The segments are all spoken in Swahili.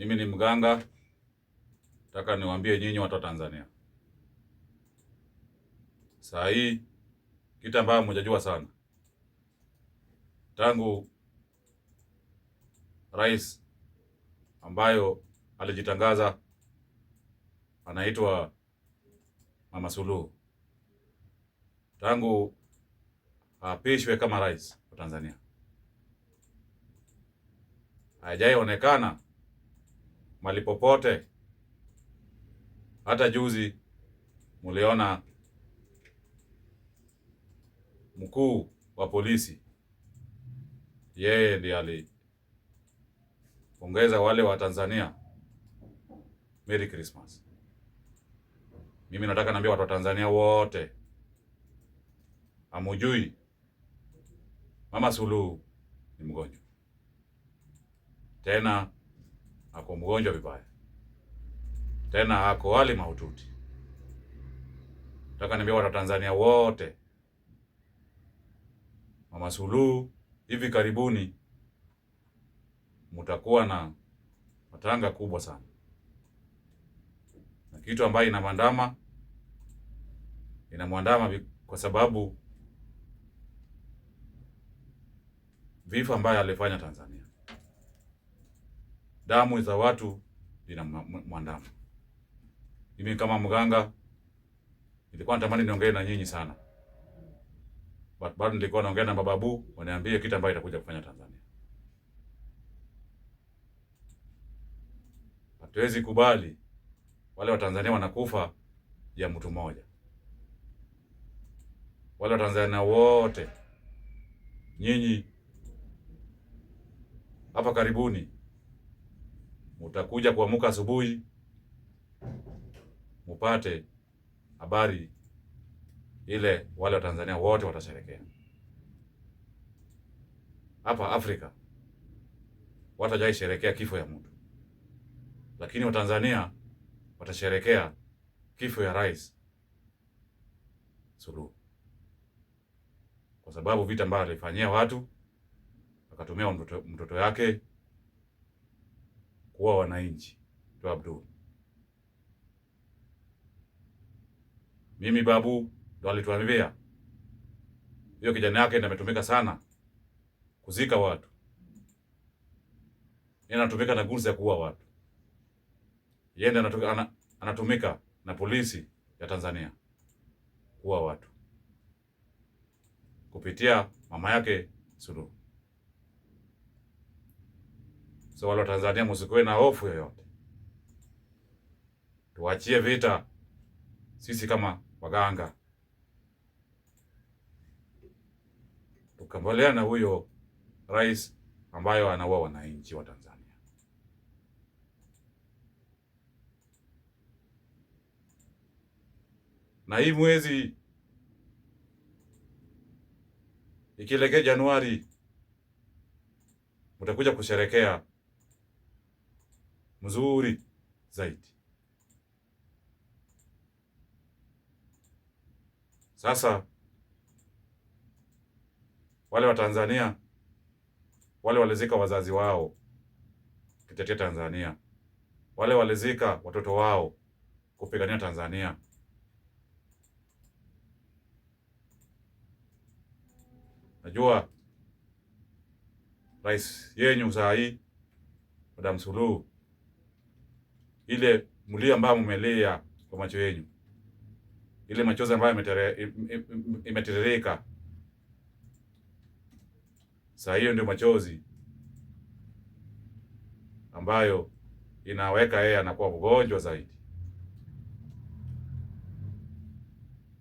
Mimi ni mganga, nataka niwaambie nyinyi watu wa Tanzania, saa hii kitu ambayo mjajua sana tangu rais ambayo alijitangaza anaitwa Mama Suluhu, tangu apishwe kama rais wa Tanzania haijaonekana mali popote. Hata juzi mliona mkuu wa polisi, yeye ndiye alipongeza wale wa Tanzania Merry Christmas. Mimi nataka naambia watu wa Tanzania wote, amujui Mama Suluhu ni mgonjwa tena ako mgonjwa vibaya, tena ako hali mahututi. Nataka niambia Watatanzania wote, Mama Suluhu hivi karibuni mtakuwa na matanga kubwa sana, na kitu ambayo inamwandama inamwandama kwa sababu vifo ambayo alifanya Tanzania damu za watu zina mwandamu Mimi kama mganga nilikuwa natamani niongee na nyinyi sana, but bado nilikuwa naongea na mababu waniambie kitu ambayo itakuja kufanya Tanzania. Hatuwezi kubali wale Watanzania wanakufa ya mtu mmoja, wale Watanzania wote. Nyinyi hapa karibuni mutakuja kuamuka asubuhi mupate habari ile, wale Watanzania wote watasherekea hapa Afrika watajai sherekea kifo ya mtu, lakini Watanzania watasherekea kifo ya Rais Suluhu kwa sababu vita ambayo alifanyia watu, akatumia mtoto, mtoto yake kuwa wananchi ndo Abdu. Mimi babu ndo alituambia hiyo kijana yake ndo ametumika sana kuzika watu, yeye anatumika na gunzi ya kuua watu, yeye ndo anatumika na polisi ya Tanzania kuua watu kupitia mama yake Suluhu. So wale Tanzania msikuwe na hofu yoyote, tuachie vita. Sisi kama waganga tukambolea na huyo rais ambayo anaua wananchi wa Tanzania. Na hii mwezi ikielekea Januari mtakuja kusherekea mzuri zaidi. Sasa wale Watanzania wale walizika wazazi wao kutetea Tanzania, wale walizika watoto wao kupigania Tanzania, najua rais yenyu saa hii Madam Suluhu ile mlio ambayo mmelia kwa macho yenu, ile machozi ambayo imetiririka saa hiyo, ndio machozi ambayo inaweka yeye anakuwa mgonjwa zaidi.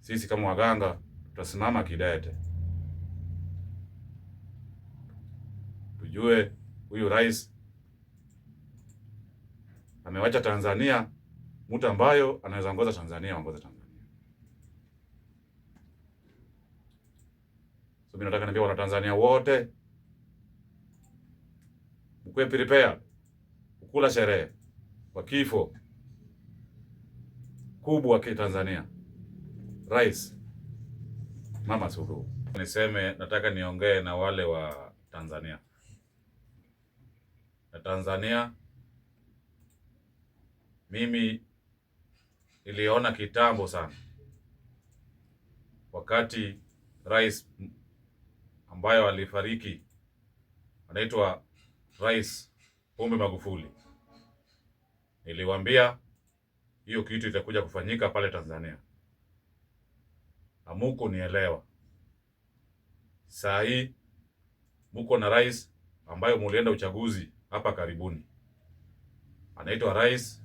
Sisi kama waganga tutasimama kidete, tujue huyu rais amewacha Tanzania mtu ambayo anaweza ongoza Tanzania, ongoza Tanzania. So mimi nataka niambia wana Tanzania wote mkwe prepare kukula sherehe kwa kifo kubwa ki Tanzania, Rais Mama Suluhu. Niseme nataka niongee na wale wa Tanzania na Tanzania mimi niliona kitambo sana wakati rais ambayo alifariki anaitwa Rais Pombe Magufuli. niliwambia hiyo kitu itakuja kufanyika pale Tanzania, amuko nielewa. Saa hii muko na rais ambayo mulienda uchaguzi hapa karibuni, anaitwa Rais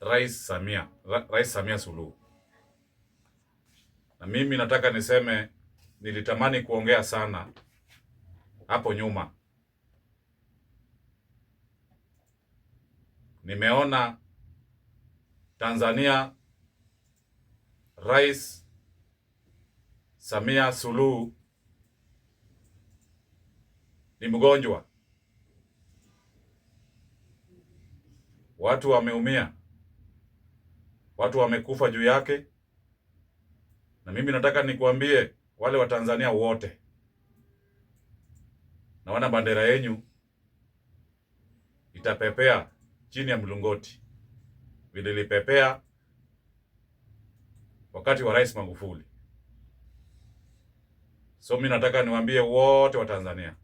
Rais Samia, Ra Rais Samia Suluhu. Na mimi nataka niseme nilitamani kuongea sana hapo nyuma. Nimeona Tanzania Rais Samia Suluhu ni mgonjwa. Watu wameumia watu wamekufa juu yake, na mimi nataka nikuambie wale Watanzania wote, naona bendera yenyu itapepea chini ya mlungoti vile ilipepea wakati wa Rais Magufuli. So mimi nataka niwaambie wote wa Tanzania,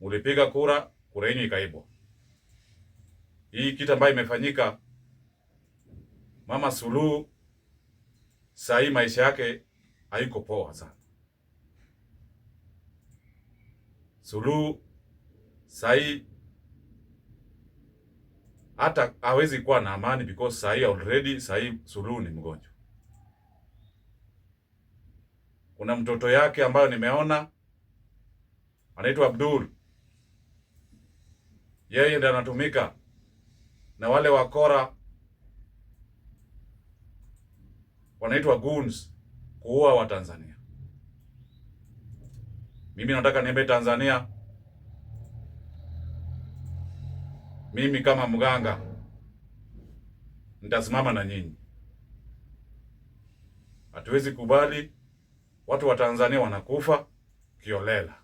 mulipiga kura, kura yenu ikaibwa hii kitu ambayo imefanyika Mama Suluhu saa hii maisha yake haiko poa sana. Suluhu saa hii hata hawezi kuwa na amani because saa hii already, saa hii Suluhu ni mgonjwa. Kuna mtoto yake ambayo nimeona anaitwa Abdul, yeye ndiye anatumika na wale wakora wanaitwa goons kuua Watanzania. Mimi nataka niambie Tanzania, mimi kama mganga nitasimama na nyinyi. Hatuwezi kubali watu wa Tanzania wanakufa kiolela.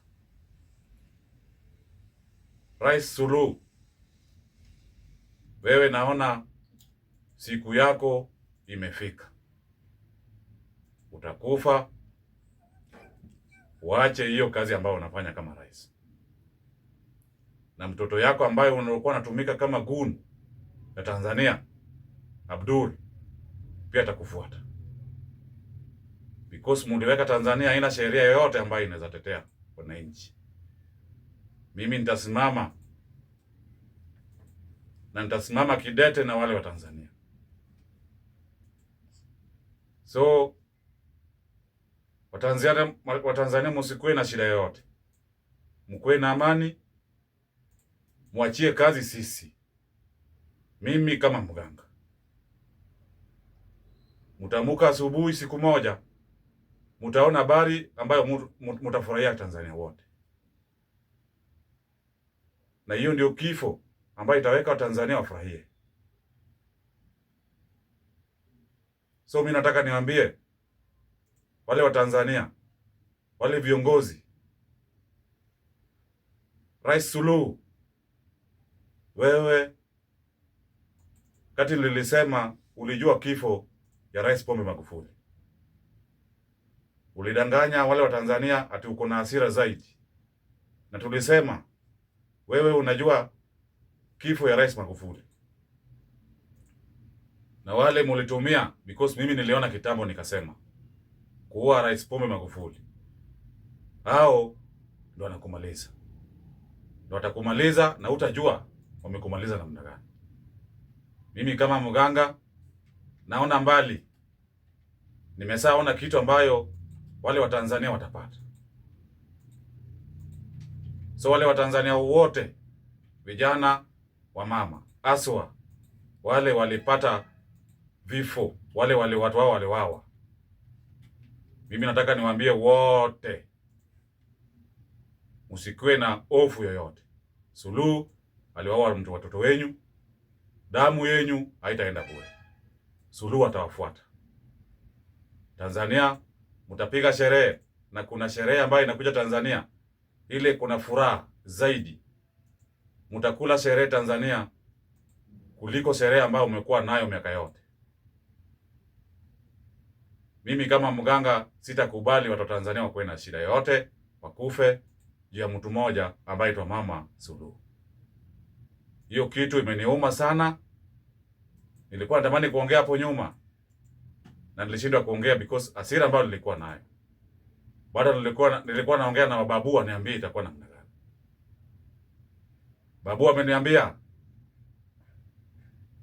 Rais Suluhu wewe naona siku yako imefika, utakufa, uache hiyo kazi ambayo unafanya kama rais, na mtoto yako ambaye unakuwa unatumika kama gun ya Tanzania, Abdul, pia atakufuata because mundiweka Tanzania haina sheria yoyote ambayo inaweza tetea wananchi. Mimi nitasimama na nitasimama kidete na wale wa Tanzania. So Watanzania, Watanzania msikuwe na shida yoyote, mkuwe na amani, mwachie kazi sisi. Mimi kama mganga mutamuka asubuhi siku moja, mutaona habari ambayo mutafurahia Tanzania wote, na hiyo ndio kifo ambayo itaweka Watanzania wafurahie. So mimi nataka niwaambie wale Watanzania, wale viongozi, Rais Suluhu, wewe kati nilisema ulijua kifo ya Rais Pombe Magufuli, ulidanganya wale Watanzania ati uko na hasira zaidi, na tulisema wewe unajua kifo ya Rais Magufuli na wale mulitumia, because mimi niliona kitambo nikasema kuua Rais Pombe Magufuli hao ndo wanakumaliza, ndo watakumaliza na utajua wamekumaliza namna gani. Mimi kama mganga naona mbali, nimesaona kitu ambayo wale Watanzania watapata. So wale Watanzania wote vijana wamama aswa wale walipata vifo wale wale watu wao waliwawa. Mimi nataka niwaambie wote, msikiwe na hofu yoyote. Suluhu aliwaua mtu watoto wenyu, damu yenyu haitaenda bure. Suluhu atawafuata Tanzania. Mtapiga sherehe na kuna sherehe ambayo inakuja Tanzania, ile kuna furaha zaidi mtakula sherehe Tanzania kuliko sherehe ambayo umekuwa nayo miaka yote. Mimi kama mganga sitakubali watu wa Tanzania wakuwe na shida yote, wakufe juu ya mtu mmoja ambaye aitwa Mama Suluhu. Hiyo kitu imeniuma sana. Nilikuwa natamani kuongea hapo nyuma na nilishindwa kuongea because asira ambayo nilikuwa nayo. Bado nilikuwa nilikuwa naongea na mababu, aniambie itakuwa namna Babu ameniambia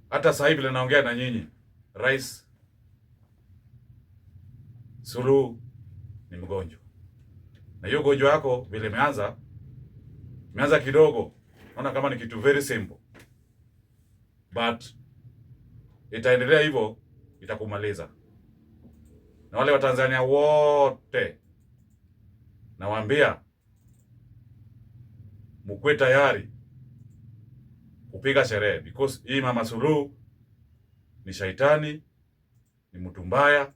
hata sasa hivi linaongea na nyinyi, Rais Suluhu ni mgonjwa, na hiyo gonjwa yako vile imeanza imeanza kidogo, naona kama ni kitu very simple but itaendelea hivyo, itakumaliza. Na wale Watanzania wote nawaambia mkuwe tayari kupiga sherehe because hii Mama Suluhu ni shaitani, ni mtu mbaya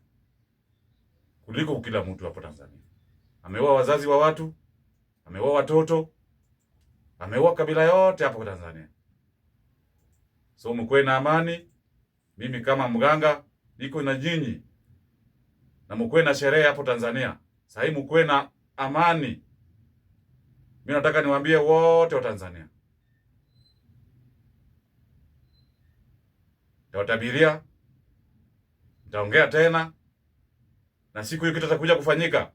kuliko kila mtu hapo Tanzania. Ameua wazazi wa watu, ameua watoto, ameua kabila yote hapo Tanzania. So mkuwe na amani. Mimi kama mganga niko na nyinyi, na mkuwe na sherehe hapo Tanzania. sahii mkuwe na amani. Mimi nataka niwaambie wote wa Tanzania Tawatabiria, nitaongea tena na siku hiyo, kitu kitakuja kufanyika,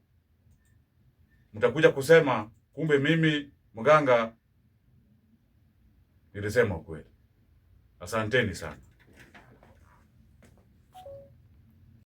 mtakuja kusema kumbe mimi mganga nilisema ukweli. Asanteni sana.